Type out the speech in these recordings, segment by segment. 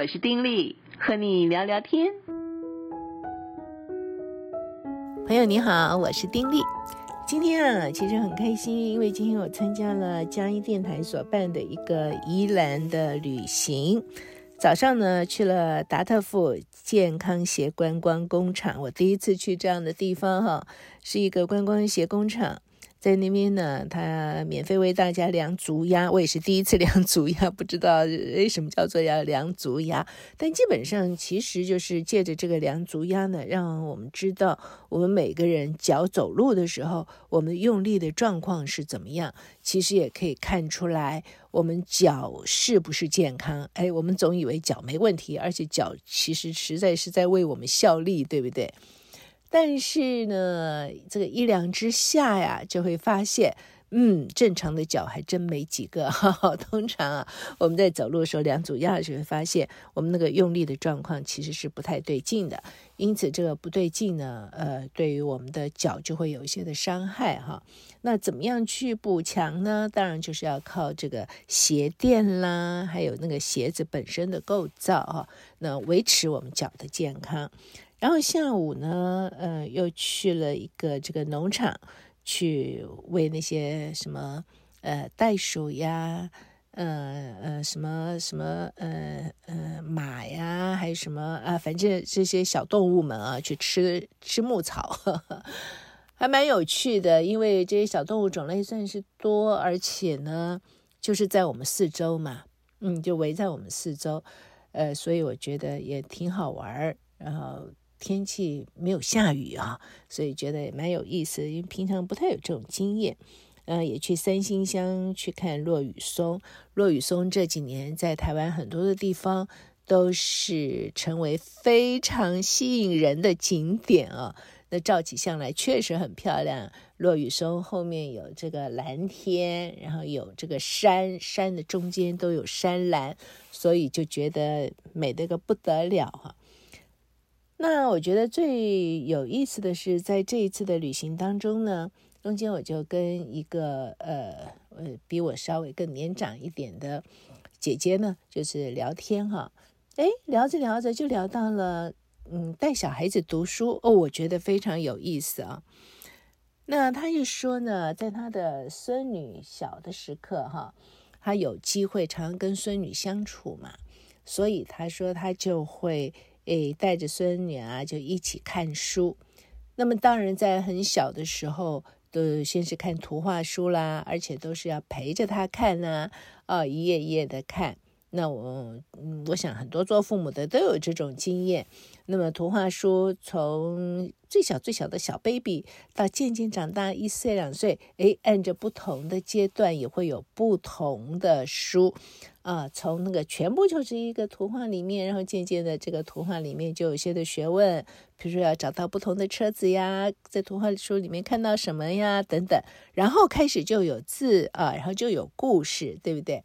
我是丁莉，和你聊聊天。朋友你好，我是丁莉。今天啊，其實很開心，因為今天我參加了佳音電台所辦的一個宜蘭的旅行。早上呢，去了達特富健康鞋觀光工廠，我第一次去這樣的地方哈，是一個觀光鞋工廠。在那邊呢，他免費為大家量足壓。我也是第一次量足壓，不知道為什麼叫做要量足壓。但基本上其實就是借着這個量足壓呢，讓我們知道我們每個人腳走路的時候，我們用力的狀況是怎麼樣。其實也可以看出來我們腳是不是健康。哎，我們總以為腳沒問題，而且腳其實實在是在為我們效力，對不對？但是呢，這個一量之下呀，就會發現，嗯，正常的腳還真沒幾個。哦、通常啊，我們在走路的時候，兩組壓就會發現，我們那個用力的狀況其實是不太對勁的。因此，這個不對勁呢，呃，對於我們的腳就會有一些的傷害哈、哦。那怎麼樣去補強呢？當然就是要靠這個鞋墊啦，還有那個鞋子本身的構造啊、哦，那維持我們腳的健康。然後下午呢，呃，又去了一個這個農場，去餵那些什麼，呃，袋鼠呀，呃呃，什麼什麼，呃呃，馬呀，還有什麼啊，反正這些小動物們啊，去吃吃牧草呵呵，還蠻有趣的。因為這些小動物種類算是多，而且呢，就是在我們四周嘛，嗯，就圍在我們四周，呃，所以我覺得也挺好玩兒。然後。天氣沒有下雨啊，所以覺得也蠻有意思的，因為平常不太有這種經驗。嗯、呃，也去三星鄉去看落羽松。落羽松這幾年在台灣很多的地方都是成為非常吸引人的景點啊。那照起相來確實很漂亮。落羽松後面有這個藍天，然後有這個山，山的中間都有山嵐，所以就覺得美得個不得了哈、啊。那我覺得最有意思的是，在這一次的旅行當中呢，中間我就跟一個呃比我稍微更年長一點的姐姐呢，就是聊天哈，哎，聊着聊着就聊到了嗯，帶小孩子讀書哦，我覺得非常有意思啊。那他一說呢，在他的孫女小的時刻哈，他有機會常跟孫女相處嘛，所以他說他就會。誒、哎，帶着孫女啊，就一起看書。那麼當然，在很小的時候，都先是看圖畫書啦，而且都是要陪着她看吶，啊，哦、一頁一頁的看。那我，嗯，我想很多做父母的都有這種經驗。那麼圖畫書從最小最小的小 baby 到漸漸長大一歲兩歲，誒，按着不同的階段也會有不同的書啊。從那個全部就是一個圖畫裡面，然後漸漸的這個圖畫裡面就有些的學問，比如說要找到不同的車子呀，在圖畫書裡面看到什麼呀等等，然後開始就有字啊，然後就有故事，對不對？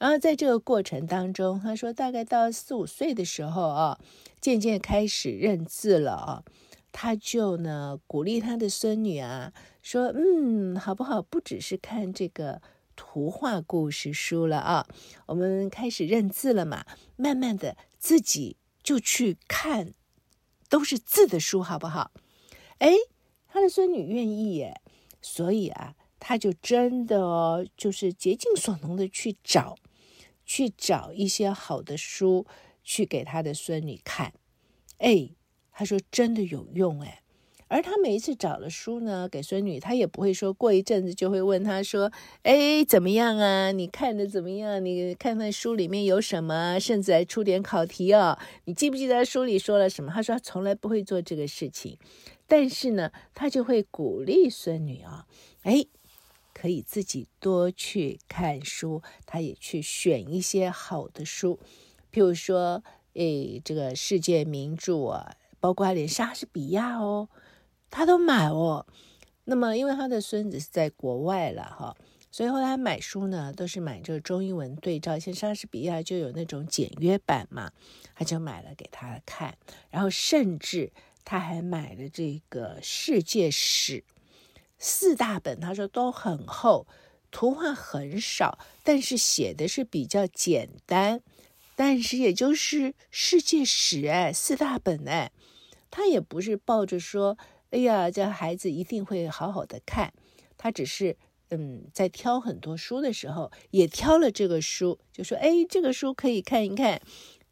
然後在這個過程當中，他說大概到四五歲的時候啊、哦，漸漸開始認字了啊、哦，他就呢鼓勵他的孫女啊，說嗯，好不好？不只是看這個圖畫故事書了啊、哦，我們開始認字了嘛，慢慢的自己就去看都是字的書，好不好？哎，他的孫女願意耶，所以啊，他就真的哦，就是竭盡所能的去找。去找一些好的書去給他的孫女看，哎，他說真的有用哎。而他每一次找了書呢，給孫女，他也不會說過一陣子就會問他說，哎，怎麼樣啊？你看得怎麼樣？你看看書裡面有什麼？甚至還出點考題哦，你記不記得書裡說了什麼？他說他從來不會做這個事情，但是呢，他就會鼓勵孫女啊、哦，哎。可以自己多去看書，他也去選一些好的書，譬如說，誒，這個世界名著啊，包括連莎士比亞哦，他都買哦。那麼，因為他的孫子是在國外了哈、哦，所以後來買書呢，都是買這個中英文對照，像莎士比亞就有那種簡約版嘛，他就買了給他看。然後，甚至他還買了這個世界史。四大本，他說都很厚，圖畫很少，但是寫的是比較簡單。但是也就是世界史哎，四大本哎，他也不是抱着說，哎呀，這孩子一定會好好的看。他只是，嗯，在挑很多書的時候，也挑了這個書，就說，哎，這個書可以看一看，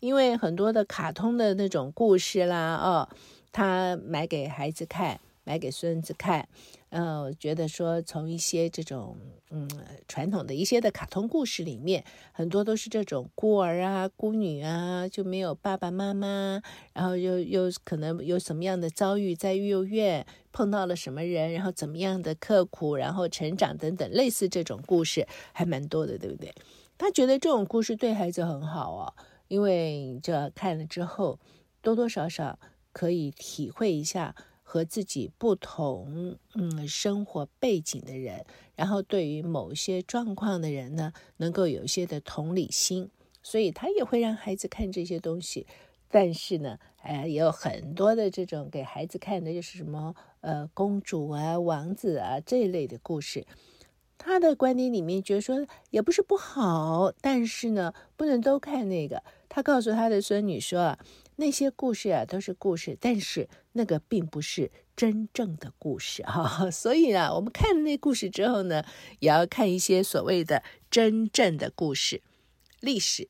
因為很多的卡通的那種故事啦，哦，他買給孩子看。買給孫子看，呃，我覺得說，從一些這種嗯傳統的一些的卡通故事裡面，很多都是這種孤兒啊、孤女啊，就沒有爸爸媽媽，然後又又可能有什麼樣的遭遇，在育幼院碰到了什麼人，然後怎麼樣的刻苦，然後成長等等，類似這種故事還蠻多的，對不對？他覺得這種故事對孩子很好哦，因為這看了之後，多多少少可以體會一下。和自己不同，嗯，生活背景的人，然後對於某些狀況的人呢，能夠有一些的同理心，所以他也會讓孩子看這些東西。但是呢，哎，也有很多的這種給孩子看的，就是什麼呃，公主啊、王子啊這一類的故事。他的觀點裡面覺得說也不是不好，但是呢，不能都看那個。他告訴他的孫女說啊，那些故事啊都是故事，但是。那個並不是真正的故事啊，所以啊，我們看了那故事之後呢，也要看一些所謂的真正的故事、歷史，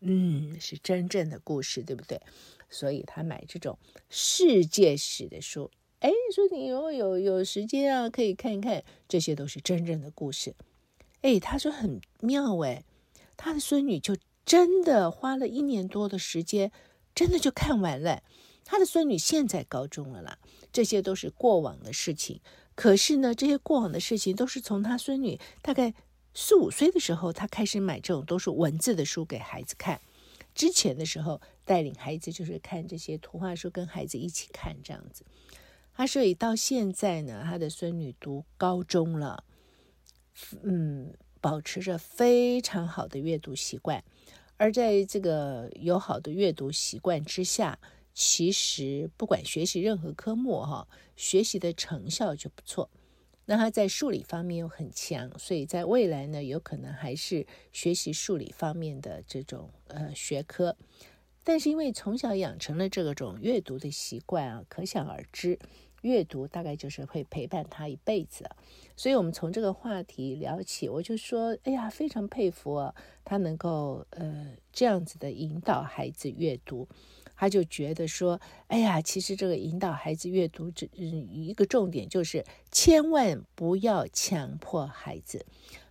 嗯，是真正的故事，對不對？所以他買這種世界史的書，哎，說你如果有有，有時間啊，可以看一看，這些都是真正的故事。哎，他說很妙誒，他的孫女就真的花了一年多的時間，真的就看完了。他的孫女現在高中了啦，這些都是過往的事情。可是呢，這些過往的事情都是從他孫女大概四五歲的時候，他開始買這種都是文字的書給孩子看。之前的時候，帶領孩子就是看這些圖畫書，跟孩子一起看這樣子。他、啊、所以到現在呢，他的孫女讀高中了，嗯，保持着非常好的閱讀習慣。而在這個有好的閱讀習慣之下，其實，不管學習任何科目，哦，哈，學習的成效就不錯。那他在數理方面又很強，所以在未來呢，有可能還是學習數理方面的這種呃學科。但是，因為從小養成了這個種閱讀的習慣啊，可想而知，閱讀大概就是會陪伴他一輩子。所以我們從這個話題聊起，我就說，哎呀，非常佩服他，啊，能夠呃這樣子的引導孩子閱讀。他就覺得說：“哎呀，其實這個引導孩子閱讀，這、呃、一個重點就是千萬不要強迫孩子。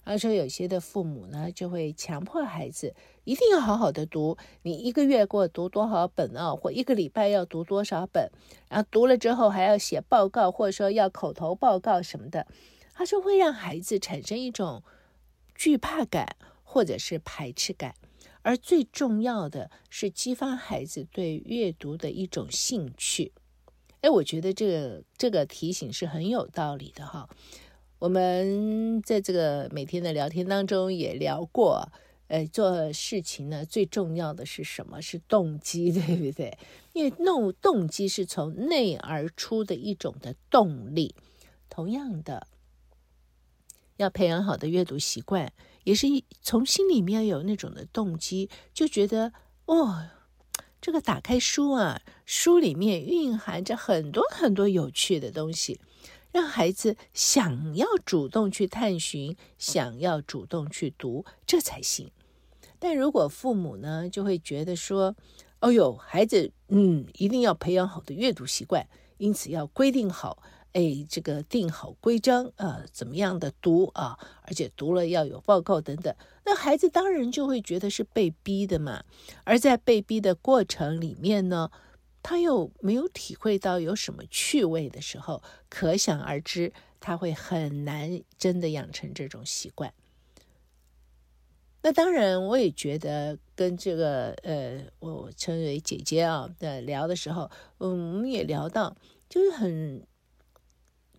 他說有些的父母呢，就會強迫孩子一定要好好的讀，你一個月給我讀多少本啊、哦，或一個禮拜要讀多少本，然後讀了之後還要寫報告，或者說要口頭報告什麼的，他就會讓孩子產生一種懼怕感或者是排斥感。”而最重要的是激發孩子對閱讀的一種興趣，哎，我覺得這個這個提醒是很有道理的哈。我們在這個每天的聊天當中也聊過，誒，做事情呢，最重要的是什麼？是動機，對不對？因為動機是從內而出的一種的動力。同樣的。要培養好的閱讀習慣，也是從心裡面有那種的動機，就覺得哦，這個打開書啊，書裡面蘊含着很多很多有趣的東西，讓孩子想要主動去探尋，想要主動去讀，這才行。但如果父母呢，就會覺得說，哦呦，孩子，嗯，一定要培養好的閱讀習慣，因此要規定好。哎，這個定好規章啊、呃，怎麼樣的讀啊，而且讀了要有報告等等，那孩子當然就會覺得是被逼的嘛。而在被逼的過程裡面呢，他又沒有體會到有什麼趣味的時候，可想而知，他會很難真的養成這種習慣。那當然，我也覺得跟這個呃，我稱為姐姐啊在、呃、聊的時候，嗯，我們也聊到，就是很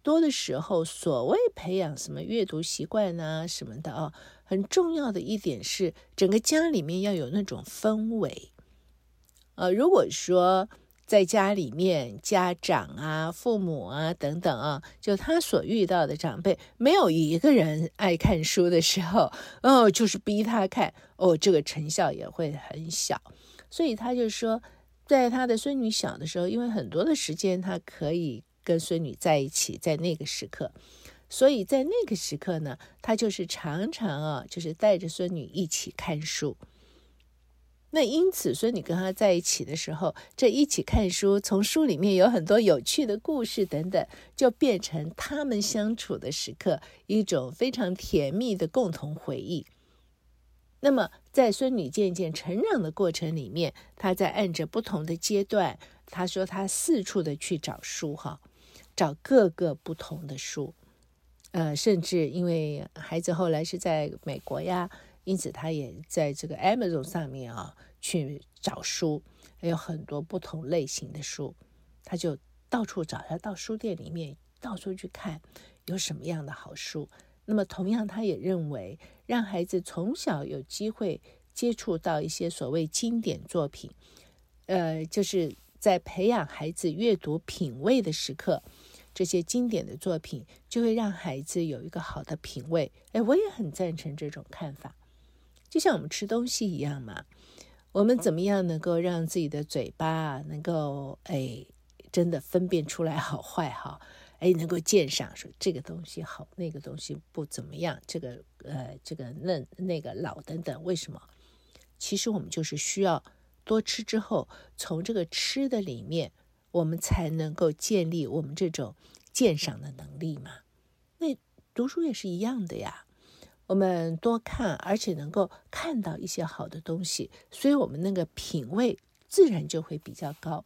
多的時候，所謂培養什麼閱讀習慣呢，什麼的啊、哦，很重要的一點是，整個家裡面要有那種氛圍。呃，如果說在家裡面，家長啊、父母啊等等啊，就他所遇到的長輩沒有一個人愛看書的時候，哦，就是逼他看，哦，這個成效也會很小。所以他就說，在他的孫女小的時候，因為很多的時間他可以。跟孫女在一起，在那個時刻，所以在那個時刻呢，他就是常常啊，就是帶着孫女一起看書。那因此，孫女跟他在一起的時候，這一起看書，從書裡面有很多有趣的故事等等，就變成他們相處的時刻，一種非常甜蜜的共同回憶。那麼，在孫女漸漸成長的過程裡面，他在按着不同的階段，他說他四處的去找書哈、啊。找各個不同的書，呃，甚至因為孩子後來是在美國呀，因此他也在這個 Amazon 上面啊去找書，還有很多不同類型的書，他就到處找，他到書店裡面到處去看有什麼樣的好書。那麼同樣，他也認為讓孩子從小有機會接觸到一些所謂經典作品，呃，就是在培養孩子閱讀品味的時刻。這些經典的作品就會讓孩子有一個好的品味。哎，我也很贊成這種看法。就像我們吃東西一樣嘛，我們怎麼樣能夠讓自己的嘴巴能夠哎真的分辨出來好壞哈？哎，能夠鑑賞說這個東西好，那個東西不怎麼樣，這個呃這個嫩，那個老等等，為什麼？其實我們就是需要多吃之後，從這個吃的裡面。我們才能夠建立我們這種鑑賞的能力嘛？那讀書也是一樣的呀。我們多看，而且能夠看到一些好的東西，所以我們那個品味自然就會比較高。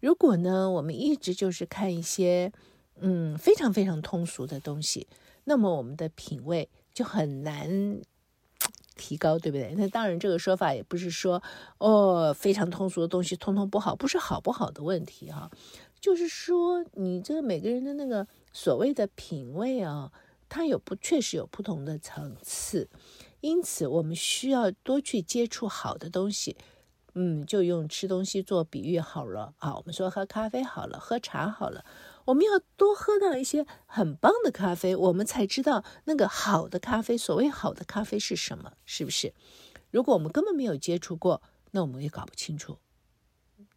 如果呢，我們一直就是看一些嗯非常非常通俗的東西，那麼我們的品味就很難。提高，對不對？那當然，這個說法也不是說哦，非常通俗的東西通通不好，不是好不好的問題哈、啊。就是說，你這個每個人的那個所謂的品味啊，它有不，確實有不同的層次，因此我們需要多去接觸好的東西。嗯，就用吃東西做比喻好了啊。我們說喝咖啡好了，喝茶好了。我們要多喝到一些很棒的咖啡，我們才知道那個好的咖啡。所謂好的咖啡是什麼？是不是？如果我們根本沒有接觸過，那我們也搞不清楚，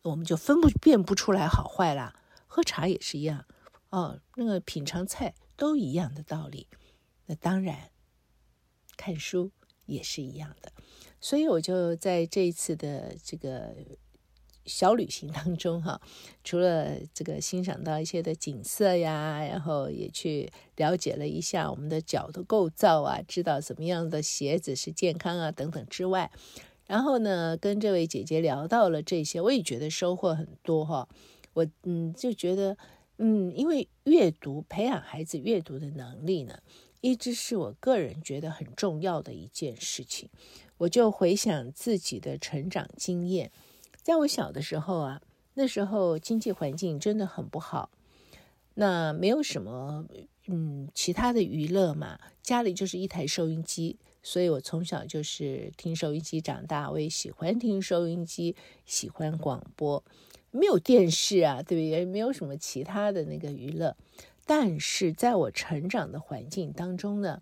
我們就分辨不出來好壞啦。喝茶也是一樣，哦，那個品嘗菜都一樣的道理。那當然，看書也是一樣的。所以我就在這一次的這個。小旅行當中，啊，哈，除了這個欣賞到一些的景色呀，然後也去了解了一下我們的腳的構造啊，知道什麼樣的鞋子是健康啊等等之外，然後呢，跟這位姐姐聊到了這些，我也覺得收穫很多哈，哦。我嗯，就覺得嗯，因為閱讀培養孩子閱讀的能力呢，一直是我個人覺得很重要的一件事情。我就回想自己的成長經驗。在我小的時候啊，那時候經濟環境真的很不好，那沒有什麼嗯其他的娛樂嘛，家裡就是一台收音機，所以我從小就是聽收音機長大，我也喜歡聽收音機，喜歡廣播，沒有電視啊，對不對？也沒有什麼其他的那個娛樂，但是在我成長的環境當中呢，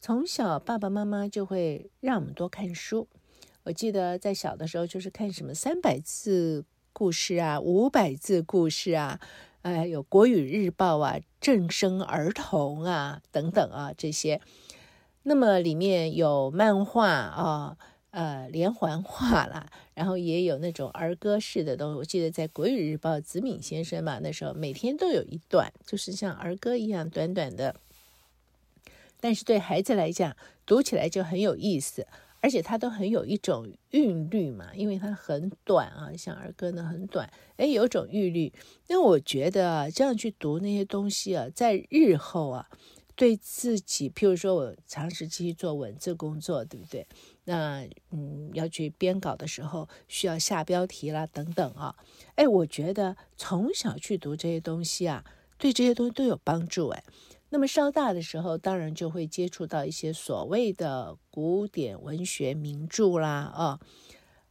從小爸爸媽媽就會讓我們多看書。我記得在小的時候，就是看什麼三百字故事啊、五百字故事啊，哎、呃，有《國語日報》啊，《正聲兒童》啊等等啊這些。那麼裡面有漫畫啊、哦，呃，連環畫啦，然後也有那種兒歌式的東西。我記得在《國語日報》，子敏先生嘛，那時候每天都有一段，就是像兒歌一樣短短的，但是對孩子來講，讀起來就很有意思。而且它都很有一種韻律嘛，因為它很短啊，像兒歌呢很短，誒、哎，有種韻律。那我覺得這樣去讀那些東西啊，在日後啊，對自己，譬如說我長時間做文字工作，對不對？那嗯，要去編稿的時候需要下標題啦，等等啊，誒、哎，我覺得從小去讀這些東西啊，對這些東西都有幫助、哎、誒。那麼稍大的時候，當然就會接觸到一些所謂的古典文學名著啦，啊、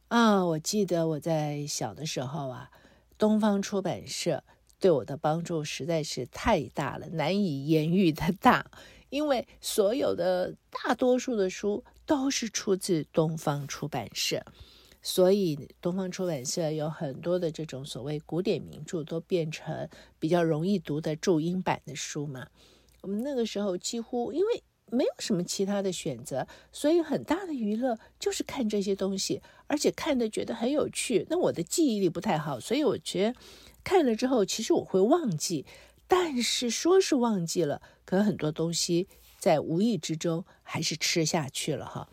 哦、啊！我記得我在小的時候啊，東方出版社對我的幫助實在是太大了，難以言喻的大。因為所有的大多數的書都是出自東方出版社，所以東方出版社有很多的這種所謂古典名著都變成比較容易讀的注音版的書嘛。我們那個時候幾乎因為沒有什麼其他的選擇，所以很大的娛樂就是看這些東西，而且看的覺得很有趣。那我的記憶力不太好，所以我覺得看了之後，其實我會忘記，但是說是忘記了，可能很多東西在無意之中還是吃下去了哈。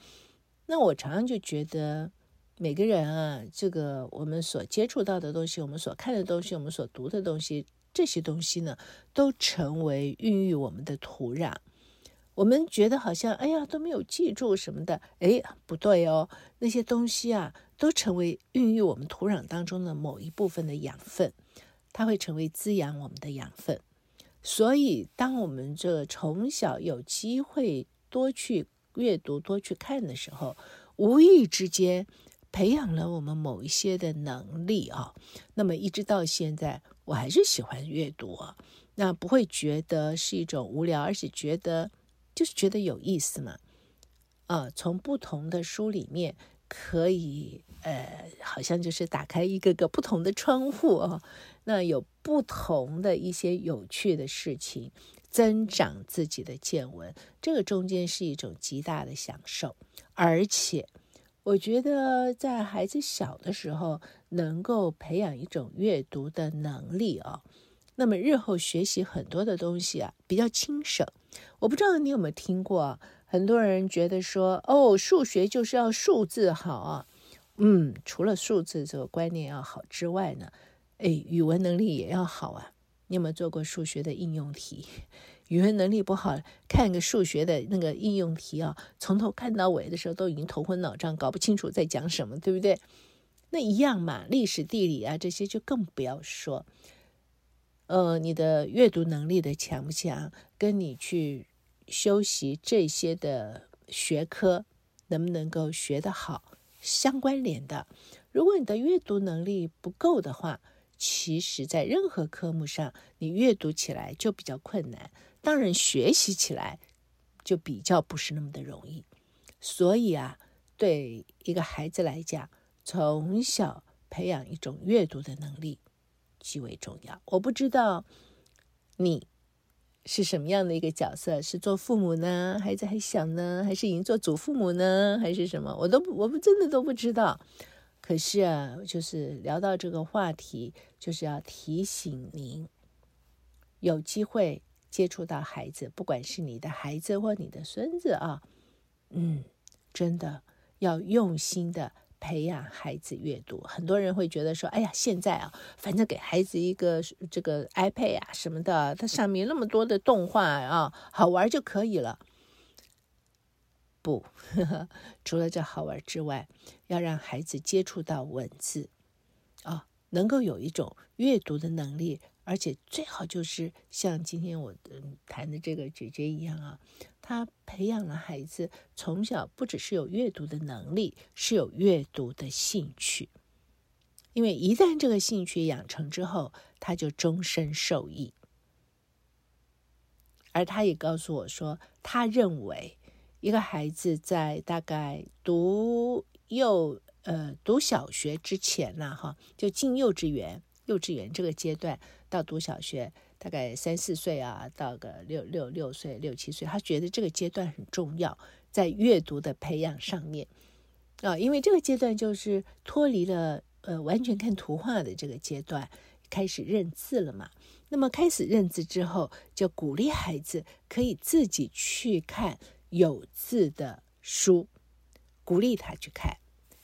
那我常常就覺得，每個人啊，這個我們所接觸到的東西，我們所看的東西，我們所讀的東西。這些東西呢，都成為孕育我們的土壤。我們覺得好像哎呀都沒有記住什麼的，哎，不對哦，那些東西啊，都成為孕育我們土壤當中的某一部分的養分，它會成為滋養我們的養分。所以，當我們這從小有機會多去閱讀、多去看的時候，無意之間培養了我們某一些的能力啊、哦。那麼一直到現在。我還是喜歡閱讀啊、哦，那不會覺得是一種無聊，而且覺得就是覺得有意思嘛。啊，從不同的書裡面可以呃，好像就是打開一個個不同的窗戶哦。那有不同的一些有趣的事情，增長自己的見聞，這個中間是一種極大的享受，而且。我覺得在孩子小的時候能夠培養一種閱讀的能力啊，哦，那麼日後學習很多的東西啊，比較輕省。我不知道你有沒有聽過，很多人覺得說哦，數學就是要數字好啊，嗯，除了數字這個觀念要好之外呢，哎，語文能力也要好啊。你有沒有做過數學的應用題？語文能力不好，看個數學的那個應用題啊，從頭看到尾的時候都已經頭昏腦脹，搞不清楚在講什麼，對不對？那一樣嘛，歷史、地理啊這些就更不要說。呃，你的閱讀能力的強不強，跟你去修習這些的學科能不能夠學得好相關聯的。如果你的閱讀能力不夠的話，其實在任何科目上，你閱讀起來就比較困難。當然，學習起來就比較不是那麼的容易，所以啊，對一個孩子來講，從小培養一種閱讀的能力極為重要。我不知道你是什麼樣的一個角色，是做父母呢，孩子還小呢，還是已經做祖父母呢，還是什麼？我都我們真的都不知道。可是啊，就是聊到這個話題，就是要提醒您，有機會。接觸到孩子，不管是你的孩子或你的孫子啊，嗯，真的要用心的培養孩子閱讀。很多人會覺得說：“哎呀，現在啊，反正給孩子一個這個 iPad 啊什麼的，它上面那麼多的動畫啊，好玩就可以了。”不，呵呵，除了這好玩之外，要讓孩子接觸到文字啊，能夠有一種閱讀的能力。而且最好就是像今天我談的這個姐姐一樣啊，她培養了孩子從小不只是有閱讀的能力，是有閱讀的興趣。因為一旦這個興趣養成之後，他就終身受益。而她也告訴我說，她認為一個孩子在大概讀幼呃讀小學之前呢，哈，就進幼稚園，幼稚園這個階段。到讀小學，大概三四歲啊，到個六六六歲、六七歲，他覺得這個階段很重要，在閱讀的培養上面啊、哦，因為這個階段就是脫離了呃完全看圖畫的這個階段，開始認字了嘛。那麼開始認字之後，就鼓勵孩子可以自己去看有字的書，鼓勵他去看。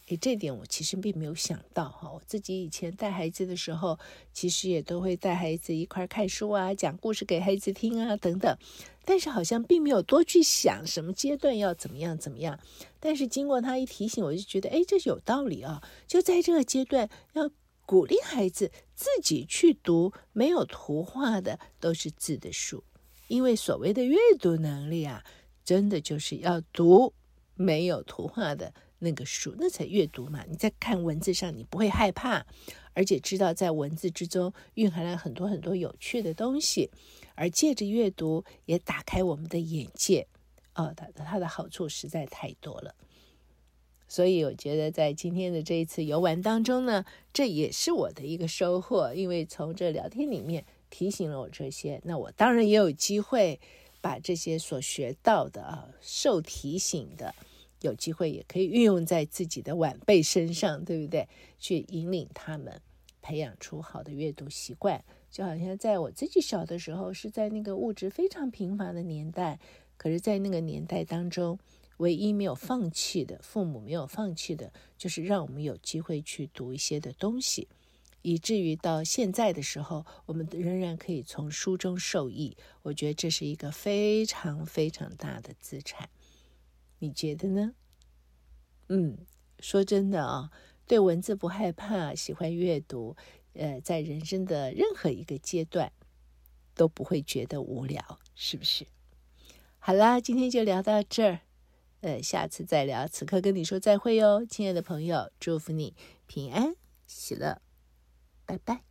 哎，這點我其實並沒有想到哈，我自己以前帶孩子的時候，其實也都會帶孩子一塊看書啊，講故事給孩子聽啊，等等，但是好像並沒有多去想什麼階段要怎麼樣怎麼樣。但是經過他一提醒，我就覺得，哎，這有道理啊，就在這個階段要鼓勵孩子自己去讀沒有圖畫的都是字的書，因為所謂的閱讀能力啊，真的就是要讀沒有圖畫的。那個書，那才閱讀嘛！你在看文字上，你不會害怕，而且知道在文字之中蘊含了很多很多有趣的東西，而借着閱讀也打開我們的眼界，哦，它的它的好處實在太多了。所以我覺得在今天的這一次遊玩當中呢，這也是我的一個收穫，因為從這聊天裡面提醒了我這些。那我當然也有機會把這些所學到的啊，受提醒的。有機會也可以運用在自己的晚輩身上，對不對？去引領他們，培養出好的閱讀習慣。就好像在我自己小的時候，是在那個物質非常貧乏的年代，可是，在那個年代當中，唯一沒有放棄的，父母沒有放棄的，就是讓我們有機會去讀一些的東西，以至於到現在的時候，我們仍然可以從書中受益。我覺得這是一個非常非常大的資產。你覺得呢？嗯，說真的啊，對文字不害怕，喜歡閱讀，呃，在人生的任何一個階段都不會覺得無聊，是不是？好啦，今天就聊到這兒，呃，下次再聊，此刻跟你說再會喲，親愛的朋友，祝福你平安喜樂，拜拜。